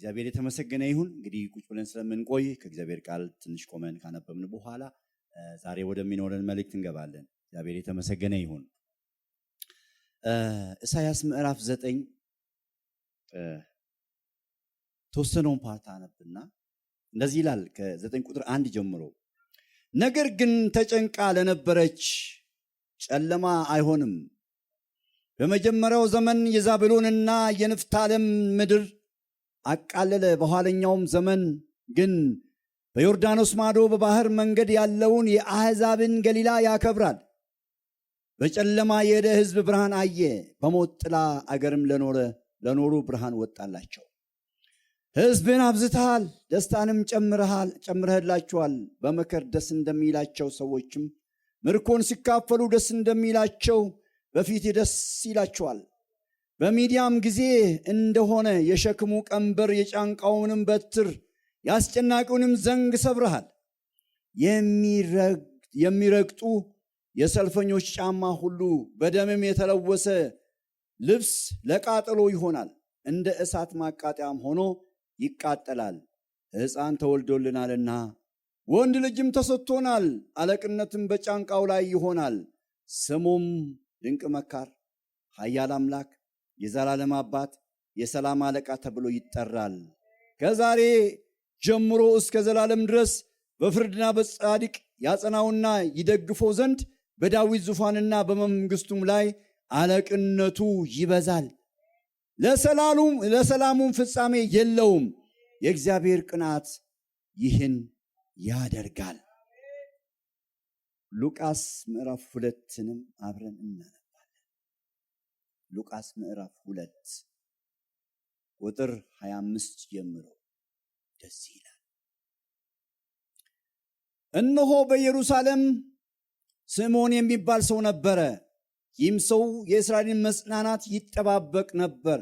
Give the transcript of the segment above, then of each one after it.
እግዚአብሔር የተመሰገነ ይሁን። እንግዲህ ቁጭ ብለን ስለምንቆይ ከእግዚአብሔር ቃል ትንሽ ቆመን ካነበብን በኋላ ዛሬ ወደሚኖረን መልእክት እንገባለን። እግዚአብሔር የተመሰገነ ይሁን። እሳያስ ምዕራፍ ዘጠኝ ተወሰነውን ፓርት አነብና እንደዚህ ይላል ከዘጠኝ ቁጥር አንድ ጀምሮ ነገር ግን ተጨንቃ ለነበረች ጨለማ አይሆንም። በመጀመሪያው ዘመን የዛብሎንና የንፍታለም ምድር አቃለለ። በኋለኛውም ዘመን ግን በዮርዳኖስ ማዶ በባህር መንገድ ያለውን የአሕዛብን ገሊላ ያከብራል። በጨለማ የሄደ ሕዝብ ብርሃን አየ፣ በሞት ጥላ አገርም ለኖረ ለኖሩ ብርሃን ወጣላቸው። ሕዝብን አብዝተሃል፣ ደስታንም ጨምረህላቸዋል። በመከር ደስ እንደሚላቸው ሰዎችም ምርኮን ሲካፈሉ ደስ እንደሚላቸው በፊት ደስ ይላቸዋል። በሚዲያም ጊዜ እንደሆነ የሸክሙ ቀንበር የጫንቃውንም በትር የአስጨናቂውንም ዘንግ ሰብረሃል። የሚረግጡ የሰልፈኞች ጫማ ሁሉ በደምም የተለወሰ ልብስ ለቃጠሎ ይሆናል፣ እንደ እሳት ማቃጠያም ሆኖ ይቃጠላል። ሕፃን ተወልዶልናልና ወንድ ልጅም ተሰጥቶናል፣ አለቅነትም በጫንቃው ላይ ይሆናል። ስሙም ድንቅ መካር፣ ኃያል አምላክ የዘላለም አባት የሰላም አለቃ ተብሎ ይጠራል። ከዛሬ ጀምሮ እስከ ዘላለም ድረስ በፍርድና በጻድቅ ያጸናውና ይደግፈው ዘንድ በዳዊት ዙፋንና በመንግስቱም ላይ አለቅነቱ ይበዛል። ለሰላሙም ፍጻሜ የለውም። የእግዚአብሔር ቅናት ይህን ያደርጋል። ሉቃስ ምዕራፍ ሁለትንም አብረን እናያለን። ሉቃስ ምዕራፍ ሁለት ቁጥር 25 ጀምሮ ደስ ይላል። እነሆ በኢየሩሳሌም ስምዖን የሚባል ሰው ነበረ። ይህም ሰው የእስራኤልን መጽናናት ይጠባበቅ ነበር።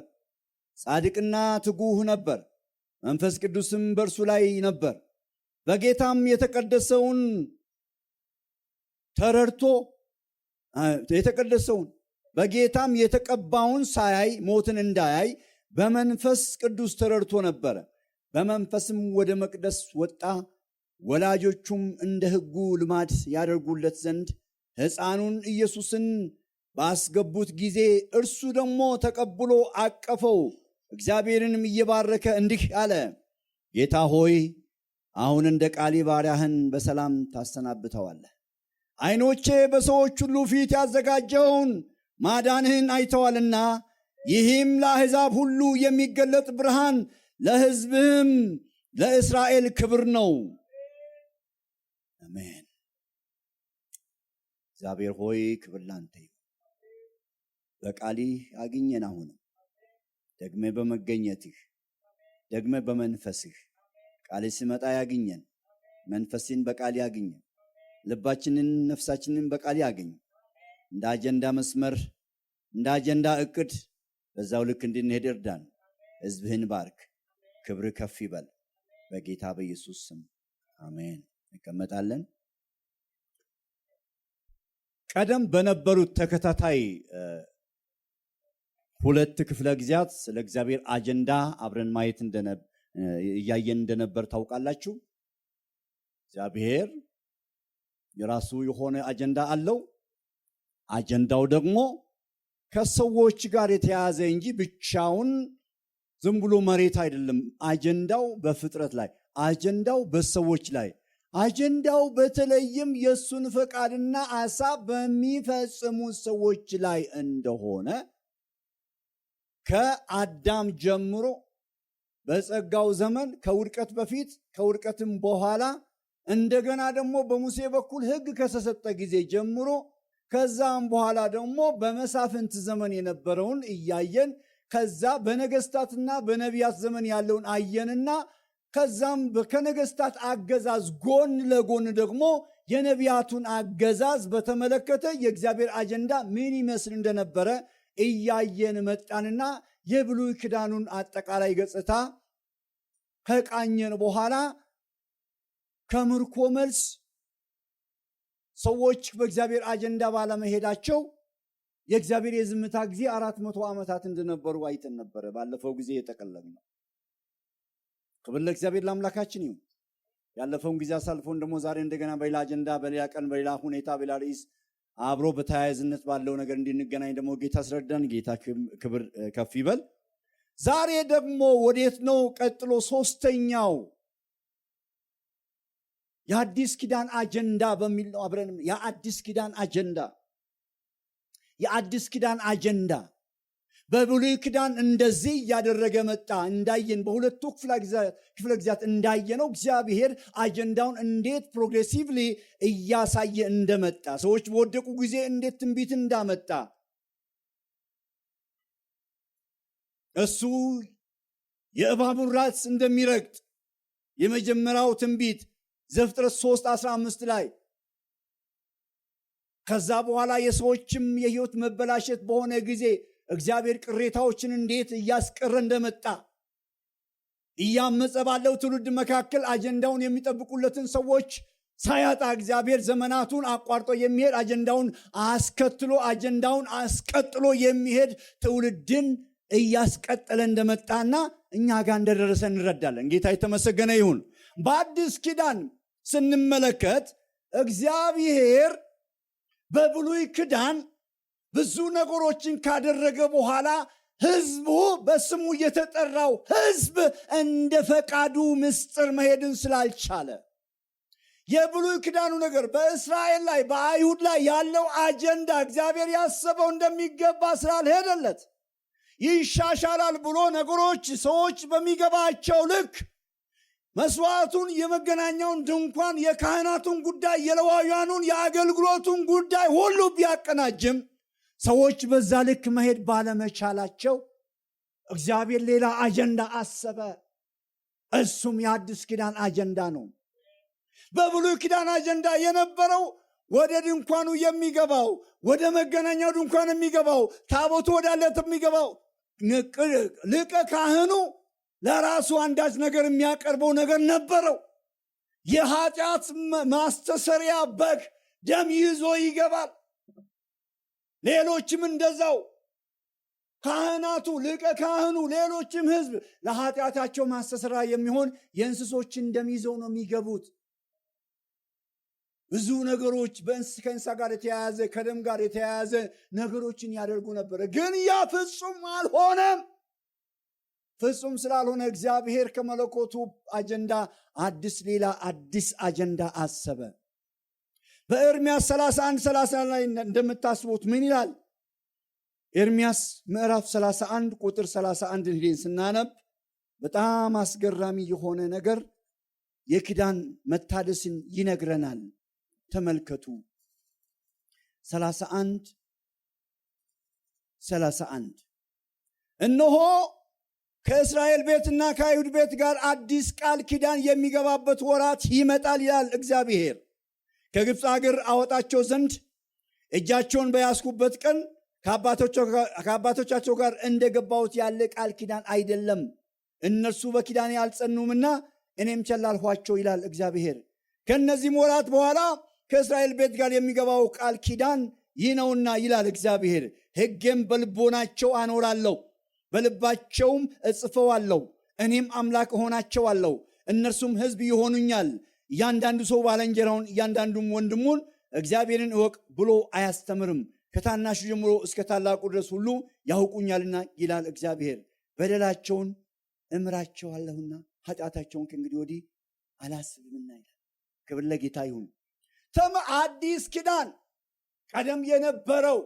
ጻድቅና ትጉህ ነበር፣ መንፈስ ቅዱስም በእርሱ ላይ ነበር። በጌታም የተቀደሰውን ተረድቶ የተቀደሰውን በጌታም የተቀባውን ሳያይ ሞትን እንዳያይ በመንፈስ ቅዱስ ተረድቶ ነበረ። በመንፈስም ወደ መቅደስ ወጣ። ወላጆቹም እንደ ሕጉ ልማድ ያደርጉለት ዘንድ ሕፃኑን ኢየሱስን ባስገቡት ጊዜ እርሱ ደግሞ ተቀብሎ አቀፈው። እግዚአብሔርንም እየባረከ እንዲህ አለ፣ ጌታ ሆይ አሁን እንደ ቃሌ ባሪያህን በሰላም ታሰናብተዋለህ። አይኖቼ በሰዎች ሁሉ ፊት ያዘጋጀውን ማዳንህን አይተዋልና ይህም ለአሕዛብ ሁሉ የሚገለጥ ብርሃን ለሕዝብህም ለእስራኤል ክብር ነው። አሜን። እግዚአብሔር ሆይ ክብር ላንተ በቃሊህ አግኘን። አሁንም ደግሜ በመገኘትህ ደግሜ በመንፈስህ ቃሊ ሲመጣ ያግኘን። መንፈስን በቃል ያግኘን። ልባችንን ነፍሳችንን በቃል ያግኝ። እንደ አጀንዳ መስመር፣ እንደ አጀንዳ እቅድ በዛው ልክ እንድንሄድ እርዳን። ህዝብህን ባርክ፣ ክብር ከፍ ይበል። በጌታ በኢየሱስ ስም አሜን። እንቀመጣለን። ቀደም በነበሩት ተከታታይ ሁለት ክፍለ ጊዜያት ስለ እግዚአብሔር አጀንዳ አብረን ማየት እያየን እንደነበር ታውቃላችሁ። እግዚአብሔር የራሱ የሆነ አጀንዳ አለው። አጀንዳው ደግሞ ከሰዎች ጋር የተያያዘ እንጂ ብቻውን ዝም ብሎ መሬት አይደለም። አጀንዳው በፍጥረት ላይ፣ አጀንዳው በሰዎች ላይ፣ አጀንዳው በተለይም የእሱን ፈቃድና አሳብ በሚፈጽሙ ሰዎች ላይ እንደሆነ ከአዳም ጀምሮ በጸጋው ዘመን ከውድቀት በፊት ከውድቀትም በኋላ እንደገና ደግሞ በሙሴ በኩል ሕግ ከተሰጠ ጊዜ ጀምሮ ከዛም በኋላ ደግሞ በመሳፍንት ዘመን የነበረውን እያየን ከዛ በነገስታትና በነቢያት ዘመን ያለውን አየንና ከዛም ከነገስታት አገዛዝ ጎን ለጎን ደግሞ የነቢያቱን አገዛዝ በተመለከተ የእግዚአብሔር አጀንዳ ምን ይመስል እንደነበረ እያየን መጣንና የብሉይ ኪዳኑን አጠቃላይ ገጽታ ከቃኘን በኋላ ከምርኮ መልስ ሰዎች በእግዚአብሔር አጀንዳ ባለመሄዳቸው የእግዚአብሔር የዝምታ ጊዜ አራት መቶ ዓመታት እንደነበሩ አይተን ነበረ። ባለፈው ጊዜ ነው ክብር ለእግዚአብሔር ለአምላካችን ይሁን። ያለፈውን ጊዜ አሳልፎን ደግሞ ዛሬ እንደገና በሌላ አጀንዳ፣ በሌላ ቀን፣ በሌላ ሁኔታ፣ በሌላ ርዕስ አብሮ በተያያዝነት ባለው ነገር እንድንገናኝ ደግሞ ጌታ አስረዳን። ጌታ ክብር ከፍ ይበል። ዛሬ ደግሞ ወዴት ነው ቀጥሎ ሶስተኛው የአዲስ ኪዳን አጀንዳ በሚል ነው አብረን የአዲስ ኪዳን አጀንዳ የአዲስ ኪዳን አጀንዳ በብሉይ ኪዳን እንደዚህ እያደረገ መጣ። እንዳየን በሁለቱ ክፍለ ጊዜያት እንዳየነው እግዚአብሔር አጀንዳውን እንዴት ፕሮግሬሲቭሊ እያሳየ እንደመጣ፣ ሰዎች በወደቁ ጊዜ እንዴት ትንቢት እንዳመጣ እሱ የእባቡን ራስ እንደሚረግጥ የመጀመሪያው ትንቢት ዘፍጥረት 3 15 ላይ ከዛ በኋላ የሰዎችም የህይወት መበላሸት በሆነ ጊዜ እግዚአብሔር ቅሬታዎችን እንዴት እያስቀረ እንደመጣ እያመፀ ባለው ትውልድ መካከል አጀንዳውን የሚጠብቁለትን ሰዎች ሳያጣ እግዚአብሔር ዘመናቱን አቋርጦ የሚሄድ አጀንዳውን አስከትሎ አጀንዳውን አስቀጥሎ የሚሄድ ትውልድን እያስቀጠለ እንደመጣና እኛ ጋር እንደደረሰ እንረዳለን። ጌታ የተመሰገነ ይሁን። በአዲስ ኪዳን ስንመለከት እግዚአብሔር በብሉይ ክዳን ብዙ ነገሮችን ካደረገ በኋላ ህዝቡ በስሙ የተጠራው ህዝብ እንደ ፈቃዱ ምስጢር መሄድን ስላልቻለ የብሉይ ክዳኑ ነገር በእስራኤል ላይ በአይሁድ ላይ ያለው አጀንዳ እግዚአብሔር ያሰበው እንደሚገባ ስላልሄደለት ይሻሻላል ብሎ ነገሮች ሰዎች በሚገባቸው ልክ መስዋዕቱን፣ የመገናኛውን ድንኳን፣ የካህናቱን ጉዳይ፣ የለዋውያኑን የአገልግሎቱን ጉዳይ ሁሉ ቢያቀናጅም ሰዎች በዛ ልክ መሄድ ባለመቻላቸው እግዚአብሔር ሌላ አጀንዳ አሰበ። እሱም የአዲስ ኪዳን አጀንዳ ነው። በብሉይ ኪዳን አጀንዳ የነበረው ወደ ድንኳኑ የሚገባው ወደ መገናኛው ድንኳን የሚገባው ታቦቱ ወዳለት የሚገባው ሊቀ ካህኑ ለራሱ አንዳች ነገር የሚያቀርበው ነገር ነበረው። የኃጢአት ማስተሰሪያ በግ ደም ይዞ ይገባል። ሌሎችም እንደዛው ካህናቱ፣ ሊቀ ካህኑ፣ ሌሎችም ህዝብ ለኃጢአታቸው ማስተሰሪያ የሚሆን የእንስሶችን ደም ይዘው ነው የሚገቡት። ብዙ ነገሮች ከእንስሳ ጋር የተያያዘ ከደም ጋር የተያያዘ ነገሮችን ያደርጉ ነበረ። ግን ያ ፍጹም አልሆነም። ፍጹም ስላልሆነ እግዚአብሔር ከመለኮቱ አጀንዳ አዲስ ሌላ አዲስ አጀንዳ አሰበ። በኤርሚያስ 31 30 ላይ እንደምታስቡት ምን ይላል? ኤርሚያስ ምዕራፍ 31 ቁጥር 31 ሄደን ስናነብ በጣም አስገራሚ የሆነ ነገር የኪዳን መታደስን ይነግረናል። ተመልከቱ 31 31 እነሆ ከእስራኤል ቤትና ከአይሁድ ቤት ጋር አዲስ ቃል ኪዳን የሚገባበት ወራት ይመጣል ይላል እግዚአብሔር። ከግብፅ አገር አወጣቸው ዘንድ እጃቸውን በያዝኩበት ቀን ከአባቶቻቸው ጋር እንደገባሁት ያለ ቃል ኪዳን አይደለም። እነሱ በኪዳኔ አልጸኑምና እኔም ቸላልኋቸው ይላል እግዚአብሔር። ከእነዚህም ወራት በኋላ ከእስራኤል ቤት ጋር የሚገባው ቃል ኪዳን ይህ ነውና ይላል እግዚአብሔር፣ ሕጌም በልቦናቸው አኖራለሁ በልባቸውም እጽፈዋለሁ፣ እኔም አምላክ እሆናቸዋለሁ፣ እነርሱም ሕዝብ ይሆኑኛል። እያንዳንዱ ሰው ባለንጀራውን፣ እያንዳንዱም ወንድሙን እግዚአብሔርን እወቅ ብሎ አያስተምርም። ከታናሹ ጀምሮ እስከ ታላቁ ድረስ ሁሉ ያውቁኛልና ይላል እግዚአብሔር። በደላቸውን እምራቸዋለሁና ኃጢአታቸውን ከእንግዲህ ወዲህ አላስብምና ይላል። ክብር ለጌታ ይሁን። ተም አዲስ ኪዳን ቀደም የነበረው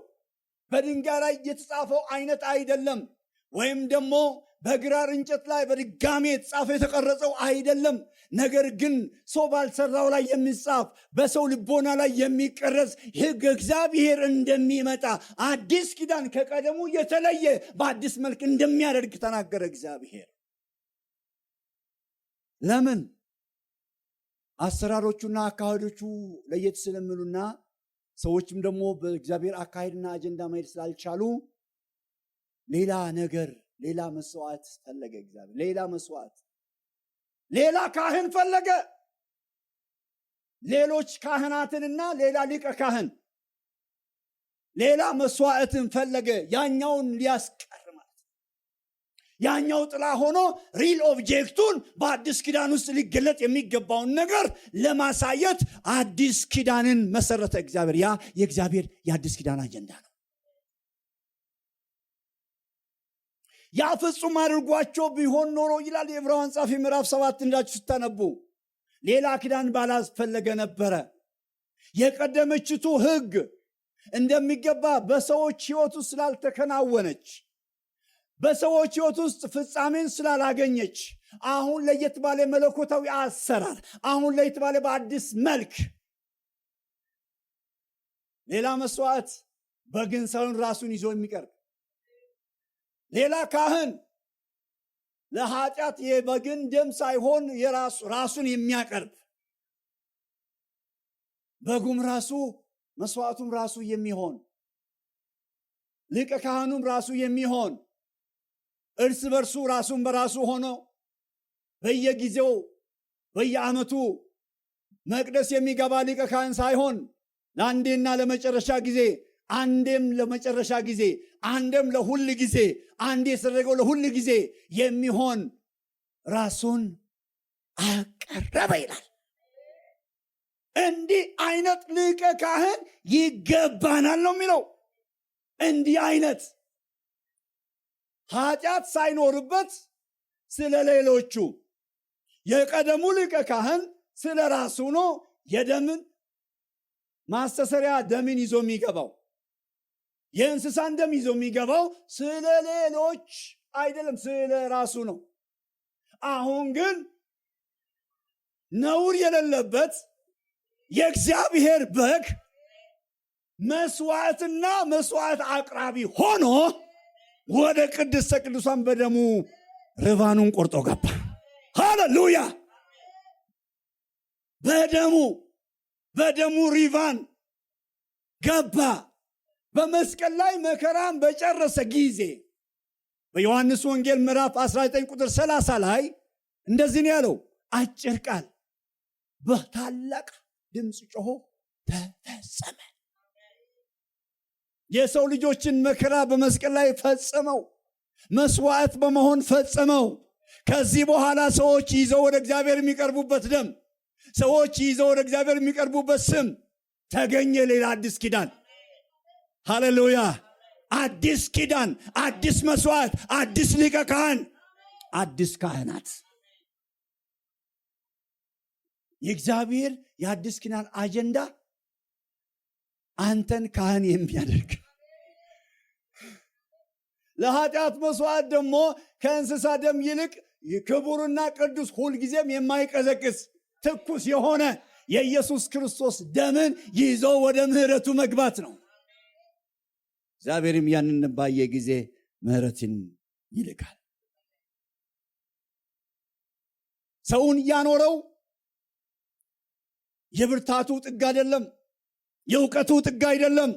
በድንጋይ ላይ የተጻፈው አይነት አይደለም። ወይም ደግሞ በግራር እንጨት ላይ በድጋሜ የተጻፈ የተቀረጸው አይደለም። ነገር ግን ሰው ባልሰራው ላይ የሚጻፍ በሰው ልቦና ላይ የሚቀረጽ ሕግ እግዚአብሔር እንደሚመጣ አዲስ ኪዳን ከቀደሙ የተለየ በአዲስ መልክ እንደሚያደርግ ተናገረ እግዚአብሔር። ለምን አሰራሮቹና አካሄዶቹ ለየት ስለምሉና ሰዎችም ደግሞ በእግዚአብሔር አካሄድና አጀንዳ መሄድ ስላልቻሉ ሌላ ነገር፣ ሌላ መስዋዕት ፈለገ እግዚአብሔር። ሌላ መስዋዕት፣ ሌላ ካህን ፈለገ። ሌሎች ካህናትንና ሌላ ሊቀ ካህን፣ ሌላ መስዋዕትን ፈለገ። ያኛውን ሊያስቀር ማለት ያኛው ጥላ ሆኖ ሪል ኦብጀክቱን በአዲስ ኪዳን ውስጥ ሊገለጥ የሚገባውን ነገር ለማሳየት አዲስ ኪዳንን መሰረተ እግዚአብሔር። ያ የእግዚአብሔር የአዲስ ኪዳን አጀንዳ ነው። ያ ፍጹም አድርጓቸው ቢሆን ኖሮ ይላል የዕብራውያን ጻፊ ምዕራፍ ሰባት እንዳችሁ ስታነቡ ሌላ ኪዳን ባላስፈለገ ነበረ። የቀደመችቱ ሕግ እንደሚገባ በሰዎች ሕይወት ውስጥ ስላልተከናወነች፣ በሰዎች ሕይወት ውስጥ ፍጻሜን ስላላገኘች አሁን ለየት ባለ መለኮታዊ አሰራር አሁን ለየት ባለ በአዲስ መልክ ሌላ መስዋዕት በግን ራሱን ይዞ የሚቀርብ ሌላ ካህን ለኃጢአት የበግን ደም ሳይሆን ራሱን የሚያቀርብ በጉም ራሱ መስዋዕቱም ራሱ የሚሆን ሊቀ ካህኑም ራሱ የሚሆን እርስ በርሱ ራሱን በራሱ ሆኖ በየጊዜው በየአመቱ መቅደስ የሚገባ ሊቀ ካህን ሳይሆን ለአንዴና ለመጨረሻ ጊዜ አንዴም ለመጨረሻ ጊዜ፣ አንዴም ለሁል ጊዜ፣ አንዴ የሰረገው ለሁል ጊዜ የሚሆን ራሱን አቀረበ ይላል። እንዲህ አይነት ሊቀ ካህን ይገባናል ነው የሚለው። እንዲህ አይነት ኃጢአት ሳይኖርበት ስለ ሌሎቹ የቀደሙ ሊቀ ካህን ስለ ራሱ ነው የደምን ማስተሰሪያ ደምን ይዞ የሚገባው የእንስሳ እንደም ይዞ የሚገባው ስለ ሌሎች አይደለም፣ ስለ ራሱ ነው። አሁን ግን ነውር የሌለበት የእግዚአብሔር በግ መስዋዕትና መስዋዕት አቅራቢ ሆኖ ወደ ቅድስተ ቅዱሳን በደሙ ርቫኑን ቆርጦ ገባ። ሃሌሉያ! በደሙ በደሙ ሪቫን ገባ። በመስቀል ላይ መከራን በጨረሰ ጊዜ በዮሐንስ ወንጌል ምዕራፍ 19 ቁጥር 30 ላይ እንደዚህ ነው ያለው አጭር ቃል በታላቅ ድምፅ ጮሆ ተፈጸመ። የሰው ልጆችን መከራ በመስቀል ላይ ፈጽመው መስዋዕት በመሆን ፈጽመው ከዚህ በኋላ ሰዎች ይዘው ወደ እግዚአብሔር የሚቀርቡበት ደም፣ ሰዎች ይዘው ወደ እግዚአብሔር የሚቀርቡበት ስም ተገኘ። ሌላ አዲስ ኪዳን ሃሌሉያ። አዲስ ኪዳን፣ አዲስ መስዋዕት፣ አዲስ ሊቀ ካህን፣ አዲስ ካህናት የእግዚአብሔር የአዲስ ኪዳን አጀንዳ አንተን ካህን የሚያደርግ ለኃጢአት መስዋዕት ደግሞ ከእንስሳ ደም ይልቅ ክቡርና ቅዱስ ሁልጊዜም የማይቀዘቅዝ ትኩስ የሆነ የኢየሱስ ክርስቶስ ደምን ይዞ ወደ ምሕረቱ መግባት ነው። እግዚአብሔርም ያንን ባየ ጊዜ ምህረትን ይልካል። ሰውን እያኖረው የብርታቱ ጥግ አይደለም፣ የእውቀቱ ጥግ አይደለም።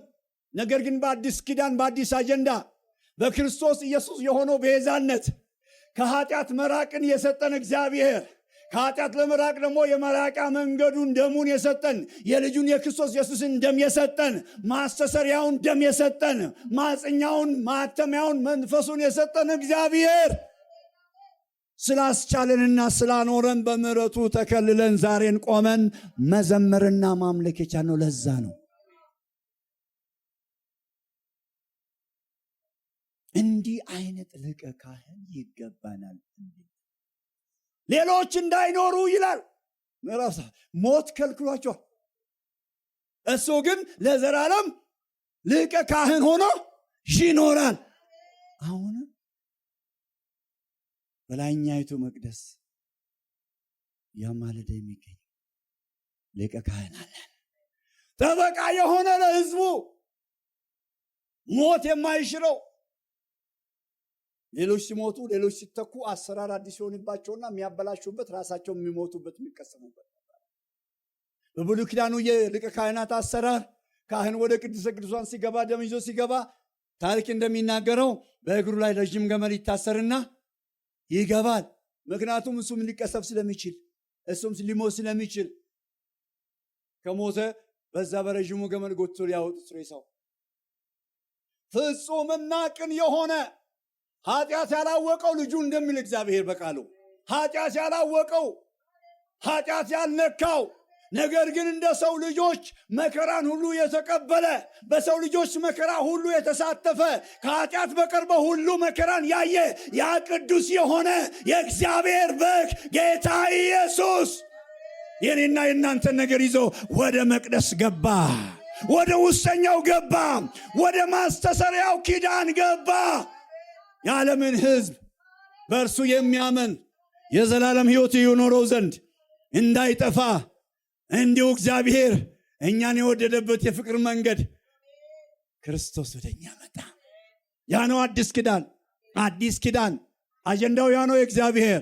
ነገር ግን በአዲስ ኪዳን በአዲስ አጀንዳ በክርስቶስ ኢየሱስ የሆነው ቤዛነት ከኃጢአት መራቅን የሰጠን እግዚአብሔር ከኃጢአት ለመራቅ ደግሞ የመራቂያ መንገዱን ደሙን የሰጠን የልጁን የክርስቶስ ኢየሱስን ደም የሰጠን ማስተሰሪያውን ደም የሰጠን ማጽኛውን ማተሚያውን መንፈሱን የሰጠን እግዚአብሔር ስላስቻለንና ስላኖረን በምረቱ ተከልለን ዛሬን ቆመን መዘመርና ማምለክ የቻልነው ለዛ ነው። እንዲህ አይነት ልቀ ካህን ይገባናል። ሌሎች እንዳይኖሩ ይላል። ምዕራፍ ሞት ከልክሏቸዋል። እሱ ግን ለዘላለም ልቀ ካህን ሆኖ ይኖራል። አሁንም በላይኛይቱ መቅደስ ያማለደ የሚገኝ ሊቀ ካህን አለ። ጠበቃ የሆነ ለህዝቡ ሞት የማይሽረው ሌሎች ሲሞቱ ሌሎች ሲተኩ አሰራር አዲስ ሲሆንባቸውና የሚያበላሹበት ራሳቸው የሚሞቱበት የሚቀሰሙበት ነበር። በብሉይ ኪዳኑ የሊቀ ካህናት አሰራር ካህን ወደ ቅድስተ ቅዱሳን ሲገባ ደም ይዞ ሲገባ ታሪክ እንደሚናገረው በእግሩ ላይ ረዥም ገመድ ይታሰርና ይገባል። ምክንያቱም እሱም ሊቀሰብ ስለሚችል እሱም ሊሞት ስለሚችል ከሞተ በዛ በረዥሙ ገመድ ጎትቶ ሊያወጡት ሬሳው ፍጹምና ቅን የሆነ ኃጢአት ያላወቀው ልጁ እንደሚል እግዚአብሔር በቃሉ ኃጢአት ያላወቀው ኃጢአት ያልነካው ነገር ግን እንደ ሰው ልጆች መከራን ሁሉ የተቀበለ በሰው ልጆች መከራ ሁሉ የተሳተፈ ከኃጢአት በቀርበ ሁሉ መከራን ያየ ያ ቅዱስ የሆነ የእግዚአብሔር በግ ጌታ ኢየሱስ የኔና የእናንተን ነገር ይዞ ወደ መቅደስ ገባ። ወደ ውስጠኛው ገባ። ወደ ማስተሰሪያው ኪዳን ገባ። የዓለምን ሕዝብ በእርሱ የሚያምን የዘላለም ሕይወት ይኖረው ዘንድ እንዳይጠፋ እንዲሁ እግዚአብሔር እኛን የወደደበት የፍቅር መንገድ ክርስቶስ ወደ እኛ መጣ። ያ ነው አዲስ ኪዳን። አዲስ ኪዳን አጀንዳው ያ ነው። የእግዚአብሔር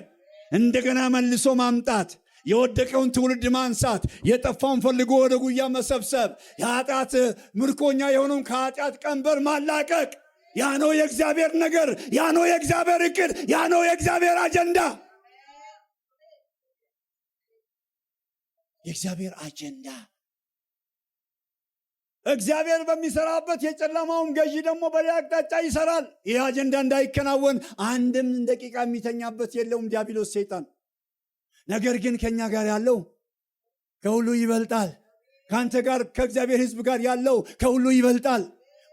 እንደገና መልሶ ማምጣት፣ የወደቀውን ትውልድ ማንሳት፣ የጠፋውን ፈልጎ ወደ ጉያ መሰብሰብ፣ የኃጢአት ምርኮኛ የሆነውን ከኃጢአት ቀንበር ማላቀቅ ያ ነው የእግዚአብሔር ነገር፣ ያ ነው የእግዚአብሔር እቅድ፣ ያ ነው የእግዚአብሔር አጀንዳ። የእግዚአብሔር አጀንዳ እግዚአብሔር በሚሰራበት የጨለማውም ገዢ ደግሞ በሌላ አቅጣጫ ይሰራል። ይህ አጀንዳ እንዳይከናወን አንድም ደቂቃ የሚተኛበት የለውም ዲያብሎስ ሰይጣን። ነገር ግን ከኛ ጋር ያለው ከሁሉ ይበልጣል። ከአንተ ጋር ከእግዚአብሔር ሕዝብ ጋር ያለው ከሁሉ ይበልጣል።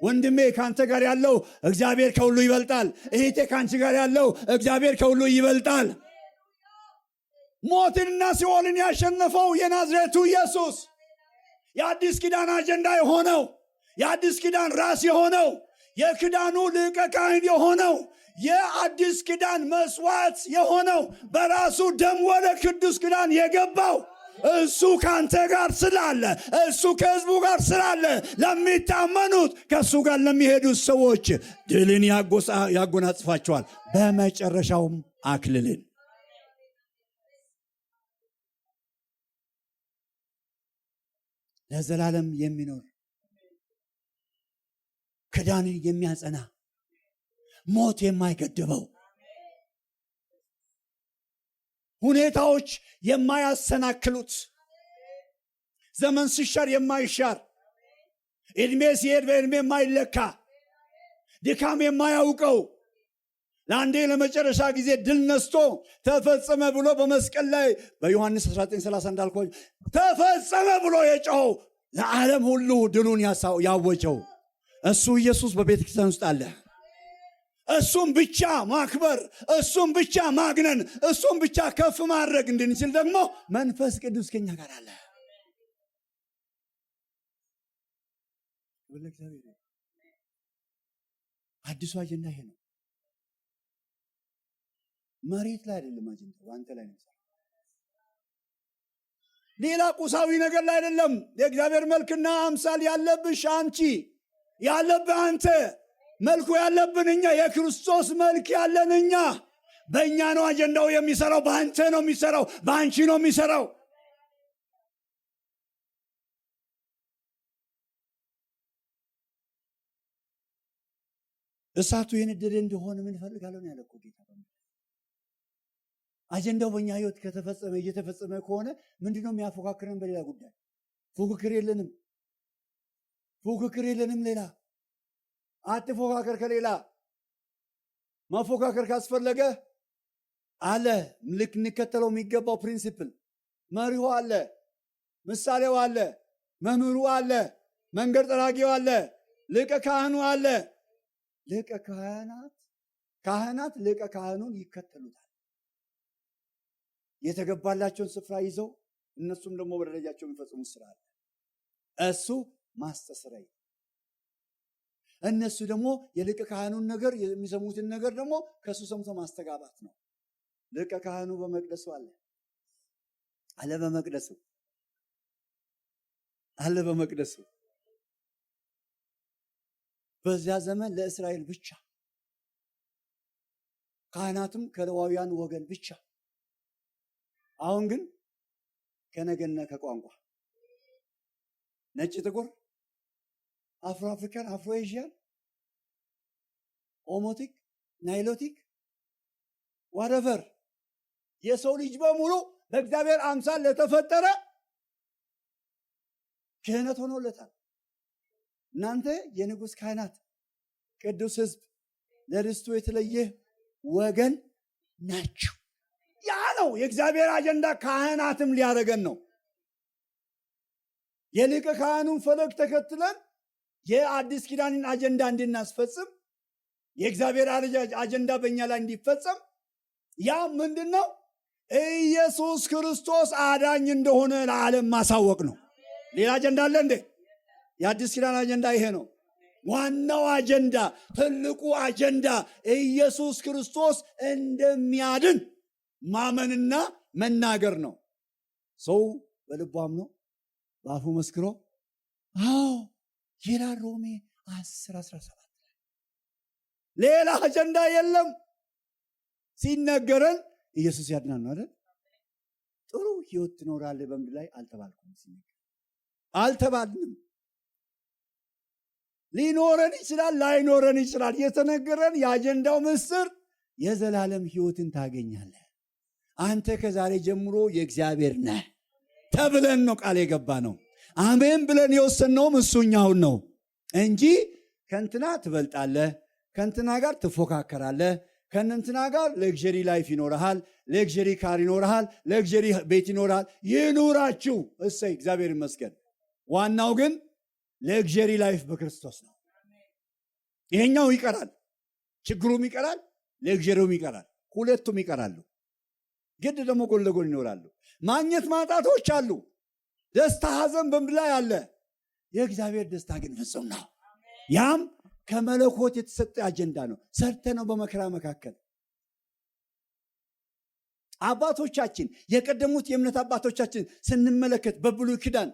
ወንድሜ ከአንተ ጋር ያለው እግዚአብሔር ከሁሉ ይበልጣል። እህቴ ከአንቺ ጋር ያለው እግዚአብሔር ከሁሉ ይበልጣል። ሞትንና ሲኦልን ያሸነፈው የናዝሬቱ ኢየሱስ የአዲስ ኪዳን አጀንዳ የሆነው የአዲስ ኪዳን ራስ የሆነው የክዳኑ ሊቀ ካህን የሆነው የአዲስ ኪዳን መስዋዕት የሆነው በራሱ ደም ወደ ቅዱስ ኪዳን የገባው እሱ ከአንተ ጋር ስላለ፣ እሱ ከህዝቡ ጋር ስላለ ለሚታመኑት ከእሱ ጋር ለሚሄዱት ሰዎች ድልን ያጎናጽፋቸዋል፣ በመጨረሻውም አክልልን ለዘላለም የሚኖር ክዳንን የሚያጸና ሞት የማይገድበው ሁኔታዎች የማያሰናክሉት ዘመን ሲሻር የማይሻር እድሜ ሲሄድ በእድሜ የማይለካ ድካም የማያውቀው ለአንዴ ለመጨረሻ ጊዜ ድል ነስቶ ተፈጸመ ብሎ በመስቀል ላይ በዮሐንስ 1930 እንዳልኮ ተፈጸመ ብሎ የጨው ለዓለም ሁሉ ድሉን ያወጀው እሱ ኢየሱስ በቤተ ክርስቲያን ውስጥ አለ። እሱም ብቻ ማክበር፣ እሱም ብቻ ማግነን፣ እሱም ብቻ ከፍ ማድረግ እንድንችል ደግሞ መንፈስ ቅዱስ ከኛ ጋር አለ። አዲሱ አጀንዳ ይሄ ነው። መሬት ላይ አይደለም አጀንዳ አንተ ላይ ነው። ሌላ ቁሳዊ ነገር ላይ አይደለም። የእግዚአብሔር መልክና አምሳል ያለብሽ አንቺ፣ ያለብህ አንተ መልኩ ያለብን እኛ የክርስቶስ መልክ ያለን እኛ በእኛ ነው አጀንዳው የሚሰራው። በአንተ ነው የሚሰራው፣ በአንቺ ነው የሚሰራው። እሳቱ የነደደ እንደሆነ ምን ፈልጋለሁ ያለ ጌታ አጀንዳው በእኛ ህይወት ከተፈጸመ እየተፈጸመ ከሆነ ምንድነው የሚያፎካክረን? በሌላ ጉዳይ ፉክክር የለንም፣ ፉክክር የለንም ሌላ አትፎካከር ከሌላ መፎካከር ካስፈለገ አለ ልክ እንከተለው የሚገባው ፕሪንሲፕል መሪሁ አለ፣ ምሳሌው አለ፣ መምህሩ አለ፣ መንገድ ጠራጊው አለ፣ ሊቀ ካህኑ አለ። ሊቀ ካህናት ካህናት ሊቀ ካህኑን ይከተሉታል። የተገባላቸውን ስፍራ ይዘው እነሱም ደግሞ በደረጃቸው የሚፈጽሙት ስራ አለ። እሱ ማስተስረይ እነሱ ደግሞ የልቀ ካህኑን ነገር የሚሰሙትን ነገር ደግሞ ከእሱ ሰምቶ ማስተጋባት ነው። ሊቀ ካህኑ በመቅደሱ አለ አለ በመቅደሱ አለ በመቅደሱ በዚያ ዘመን ለእስራኤል ብቻ ካህናትም ከለዋውያን ወገን ብቻ። አሁን ግን ከነገና ከቋንቋ ነጭ ጥቁር አፍሮ አፍሪካን፣ አፍሮ ኤዥያን፣ ኦሞቲክ፣ ናይሎቲክ ዋደቨር የሰው ልጅ በሙሉ በእግዚአብሔር አምሳል ለተፈጠረ ክህነት ሆኖለታል። እናንተ የንጉሥ ካህናት፣ ቅዱስ ህዝብ ለርስቱ የተለየ ወገን ናችሁ። ያ ነው የእግዚአብሔር አጀንዳ። ካህናትም ሊያደረገን ነው። የሊቀ ካህኑን ፈለግ ተከትለን የአዲስ ኪዳንን አጀንዳ እንድናስፈጽም የእግዚአብሔር አጀንዳ በእኛ ላይ እንዲፈጸም ያ ምንድን ነው? ኢየሱስ ክርስቶስ አዳኝ እንደሆነ ለዓለም ማሳወቅ ነው። ሌላ አጀንዳ አለ እንዴ? የአዲስ ኪዳን አጀንዳ ይሄ ነው። ዋናው አጀንዳ፣ ትልቁ አጀንዳ ኢየሱስ ክርስቶስ እንደሚያድን ማመንና መናገር ነው። ሰው በልቡ አምኖ በአፉ መስክሮ አዎ ይላል ሮሜ 10 17 ላይ ሌላ አጀንዳ የለም ሲነገረን ኢየሱስ ያድናል ነው አይደል? ጥሩ ህይወት ትኖራለ በምድር ላይ አልተባልኩም፣ አልተባልንም። ሊኖረን ይችላል፣ ላይኖረን ይችላል። የተነገረን የአጀንዳው ምስር የዘላለም ህይወትን ታገኛለህ፣ አንተ ከዛሬ ጀምሮ የእግዚአብሔር ነህ ተብለን ነው ቃል የገባ ነው። አሜን ብለን የወሰንነውም እሱኛውን ነው እንጂ ከእንትና ትበልጣለህ፣ ከእንትና ጋር ትፎካከራለህ፣ ከእንትና ጋር ለግዠሪ ላይፍ ይኖርሃል፣ ለግዠሪ ካር ይኖርሃል፣ ለግዠሪ ቤት ይኖርሃል። ይኑራችሁ፣ እሰይ እግዚአብሔር ይመስገን። ዋናው ግን ለግዠሪ ላይፍ በክርስቶስ ነው። ይሄኛው ይቀራል፣ ችግሩም ይቀራል፣ ለግዠሪውም ይቀራል፣ ሁለቱም ይቀራሉ። ግድ ደግሞ ጎን ለጎን ይኖራሉ። ማግኘት ማጣቶች አሉ። ደስታ፣ ሐዘን በምድር ላይ አለ። የእግዚአብሔር ደስታ ግን ፍጹም ነው። ያም ከመለኮት የተሰጠ አጀንዳ ነው። ሰርተ ነው በመከራ መካከል አባቶቻችን የቀደሙት የእምነት አባቶቻችን ስንመለከት በብሉይ ኪዳን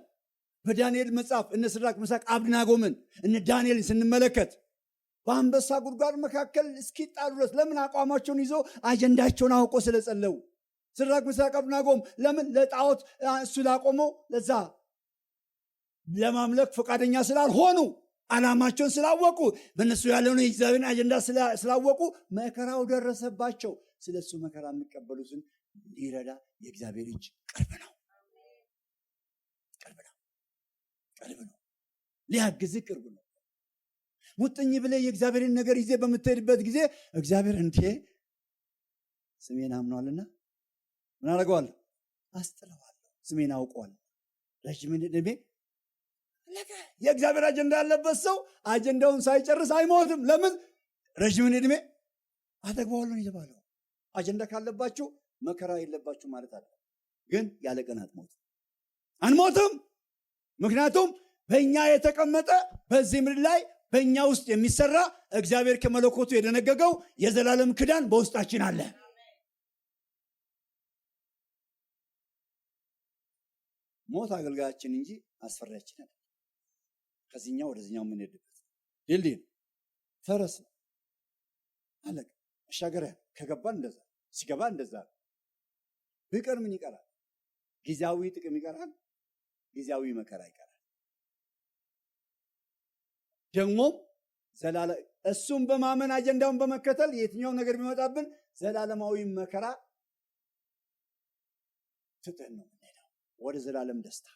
በዳንኤል መጽሐፍ እነ ስድራቅ፣ መሳቅ አብድናጎምን እነ ዳንኤልን ስንመለከት በአንበሳ ጉድጓድ መካከል እስኪጣሉ ድረስ ለምን አቋማቸውን ይዘው አጀንዳቸውን አውቆ ስለጸለው ሲድራቅ ሚሳቅ አብደናጎም ለምን ለጣዖት እሱ ላቆመው ለዛ ለማምለክ ፈቃደኛ ስላልሆኑ አላማቸውን ስላወቁ በእነሱ ያለውን የእግዚአብሔርን አጀንዳ ስላወቁ መከራው ደረሰባቸው። ስለ እሱ መከራ የሚቀበሉትን ሊረዳ የእግዚአብሔር እጅ ቅርብ ነው፣ ቅርብ ነው፣ ቅርብ ነው። ሊያግዝ ቅርብ ነው። ሙጥኝ ብለ የእግዚአብሔርን ነገር ይዜ በምትሄድበት ጊዜ እግዚአብሔር እንዴ ስሜን አምኗልና ምን አደርገዋለሁ? አስጥለዋለሁ። ስሜን አውቀዋለሁ። ረዥም ዕድሜ የእግዚአብሔር አጀንዳ ያለበት ሰው አጀንዳውን ሳይጨርስ አይሞትም። ለምን? ረዥምን ዕድሜ አጠግበዋለሁ የተባለው። አጀንዳ ካለባችሁ መከራ የለባችሁ ማለት አለ። ግን ያለ ቀን አትሞትም፣ አንሞትም። ምክንያቱም በእኛ የተቀመጠ በዚህ ምድር ላይ በእኛ ውስጥ የሚሰራ እግዚአብሔር ከመለኮቱ የደነገገው የዘላለም ክዳን በውስጣችን አለ። ሞት አገልጋያችን እንጂ አስፈሪያችን አይደለም። ከዚህኛው ወደዚህኛው የምንሄድበት ድልድይ ነው፣ ፈረስ ነው፣ አለቀ። መሻገሪያ ከገባ እንደዛ ሲገባ እንደዛ ቢቀር ምን ይቀራል? ጊዜያዊ ጥቅም ይቀራል፣ ጊዜያዊ መከራ ይቀራል። ደግሞም ዘላለ እሱን በማመን አጀንዳውን በመከተል የትኛው ነገር ቢመጣብን ዘላለማዊ መከራ ትተን ነው ወደ ዘላለም ደስታ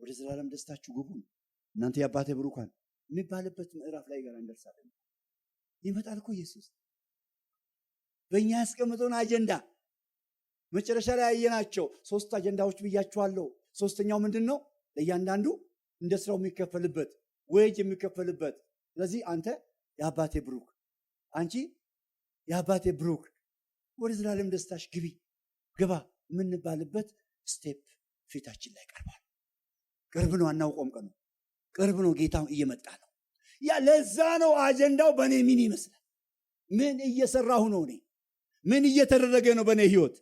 ወደ ዘላለም ደስታችሁ ግቡ እናንተ የአባቴ ብሩካን የሚባልበት ምዕራፍ ላይ ጋር እንደርሳለን። ይመጣል እኮ ኢየሱስ በእኛ ያስቀምጠውን አጀንዳ መጨረሻ ላይ ያየናቸው ሶስት አጀንዳዎች ብያችኋለሁ። ሶስተኛው ምንድን ነው? ለእያንዳንዱ እንደ ስራው የሚከፈልበት ወጅ የሚከፈልበት። ስለዚህ አንተ የአባቴ ብሩክ፣ አንቺ የአባቴ ብሩክ ወደ ዘላለም ደስታሽ ግቢ ግባ የምንባልበት ስቴፕ ፊታችን ላይ ቀርቧል ቅርብ ነው አናውቆም ቀኑ ቅርብ ነው ጌታ እየመጣ ነው ያ ለዛ ነው አጀንዳው በእኔ ምን ይመስላል ምን እየሰራሁ ነው እኔ ምን እየተደረገ ነው በእኔ ህይወት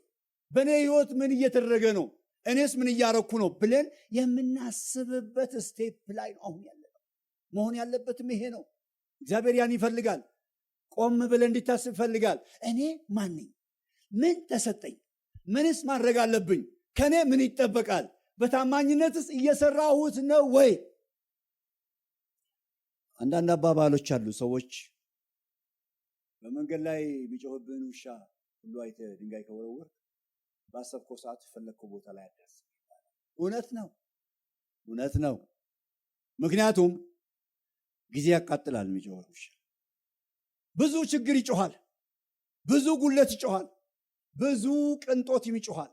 በእኔ ህይወት ምን እየተደረገ ነው እኔስ ምን እያረኩ ነው ብለን የምናስብበት ስቴፕ ላይ ነው አሁን ያለ መሆን ያለበትም ይሄ ነው እግዚአብሔር ያን ይፈልጋል ቆም ብለን እንዲታስብ ይፈልጋል እኔ ማንኝ ምን ተሰጠኝ ምንስ ማድረግ አለብኝ ከኔ ምን ይጠበቃል? በታማኝነትስ እየሰራሁት ነው ወይ? አንዳንድ አባባሎች አሉ። ሰዎች በመንገድ ላይ የሚጮህብህን ውሻ ሁሉ አይተ ድንጋይ ከወረወር ባሰብከው ሰዓት ፈለግከው ቦታ ላይ አደርስ። እውነት ነው፣ እውነት ነው። ምክንያቱም ጊዜ ያቃጥላል። የሚጮህ ውሻ ብዙ ችግር ይጮኋል፣ ብዙ ጉለት ይጮኋል፣ ብዙ ቅንጦት ይጮኋል።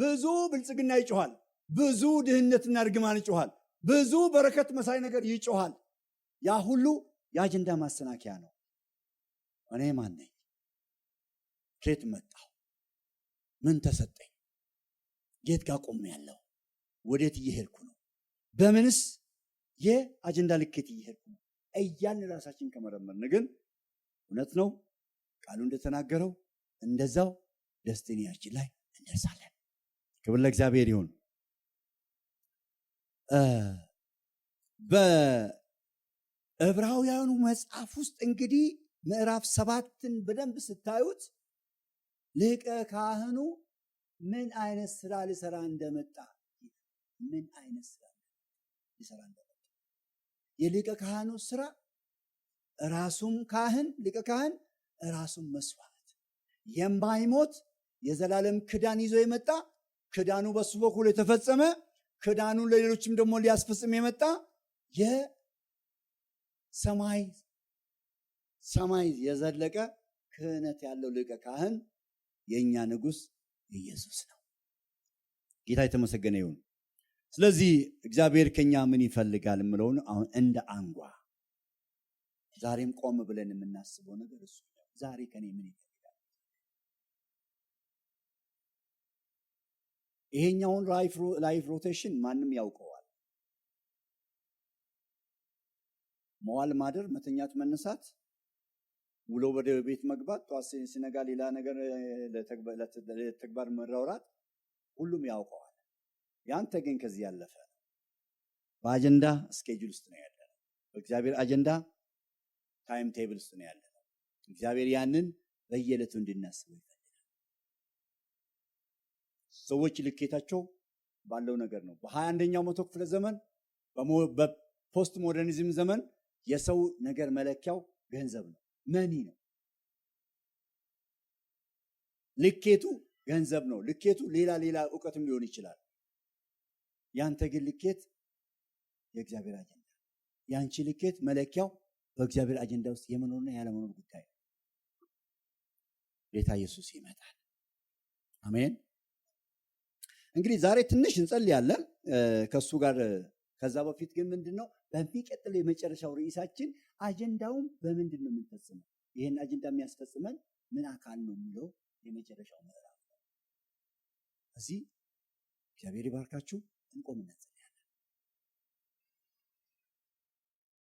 ብዙ ብልጽግና ይጮኋል፣ ብዙ ድህነትና እርግማን ይጮኋል፣ ብዙ በረከት መሳይ ነገር ይጮኋል። ያ ሁሉ የአጀንዳ ማሰናከያ ነው። እኔ ማን ነኝ? ከየት መጣሁ? ምን ተሰጠኝ? ጌት ጋር ያለው ወዴት እየሄድኩ ነው? በምንስ የአጀንዳ ልኬት እየሄድኩ ነው እያልን ራሳችን ከመረመርን ግን እውነት ነው ቃሉ እንደተናገረው እንደዛው ደስቲኒያችን ላይ እንደርሳለን። ክብር ለእግዚአብሔር ይሁን። በዕብራውያኑ መጽሐፍ ውስጥ እንግዲህ ምዕራፍ ሰባትን በደንብ ስታዩት ልቀ ካህኑ ምን አይነት ስራ ሊሰራ እንደመጣ ምን አይነት ስራ ሊሰራ እንደመጣ የሊቀ ካህኑ ስራ ራሱም ካህን ሊቀ ካህን ራሱም መስዋዕት የማይሞት የዘላለም ክዳን ይዞ የመጣ ክዳኑ በሱ በኩል የተፈጸመ ክዳኑን ለሌሎችም ደግሞ ሊያስፈጽም የመጣ የሰማይ ሰማይ የዘለቀ ክህነት ያለው ልቀ ካህን የእኛ ንጉሥ ኢየሱስ ነው። ጌታ የተመሰገነ ይሁን። ስለዚህ እግዚአብሔር ከኛ ምን ይፈልጋል የምለውን አሁን እንደ አንጓ ዛሬም ቆም ብለን የምናስበው ነገር እሱ ዛሬ ከኔ ምን ይሄኛውን ላይፍ ሮቴሽን ማንም ያውቀዋል። መዋል ማደር፣ መተኛት፣ መነሳት፣ ውሎ ወደ ቤት መግባት፣ ጠዋት ሲነጋ ሌላ ነገር ለተግባር መራውራት ሁሉም ያውቀዋል። ያንተ ግን ከዚህ ያለፈ በአጀንዳ ስኬጁል ውስጥ ነው ያለ በእግዚአብሔር አጀንዳ ታይም ቴብል ውስጥ ነው ያለ እግዚአብሔር ያንን በየዕለቱ እንድናስብ ሰዎች ልኬታቸው ባለው ነገር ነው። በሀያ አንደኛው መቶ ክፍለ ዘመን በፖስት ሞደርኒዝም ዘመን የሰው ነገር መለኪያው ገንዘብ ነው፣ መኒ ነው። ልኬቱ ገንዘብ ነው። ልኬቱ ሌላ ሌላ እውቀትም ሊሆን ይችላል። ያንተ ግን ልኬት የእግዚአብሔር አጀንዳ፣ ያንቺ ልኬት መለኪያው በእግዚአብሔር አጀንዳ ውስጥ የመኖርና ያለመኖር ጉዳይ ነው። ጌታ ኢየሱስ ይመጣል። አሜን። እንግዲህ ዛሬ ትንሽ እንጸልያለን ከእሱ ጋር። ከዛ በፊት ግን ምንድን ነው በሚቀጥለው የመጨረሻው ርዕሳችን አጀንዳውን በምንድን ነው የምንፈጽመው፣ ይህን አጀንዳ የሚያስፈጽመን ምን አካል ነው የሚለው የመጨረሻው ምዕራፍ ነው። እዚህ እግዚአብሔር ይባርካችሁ። እንቆምነት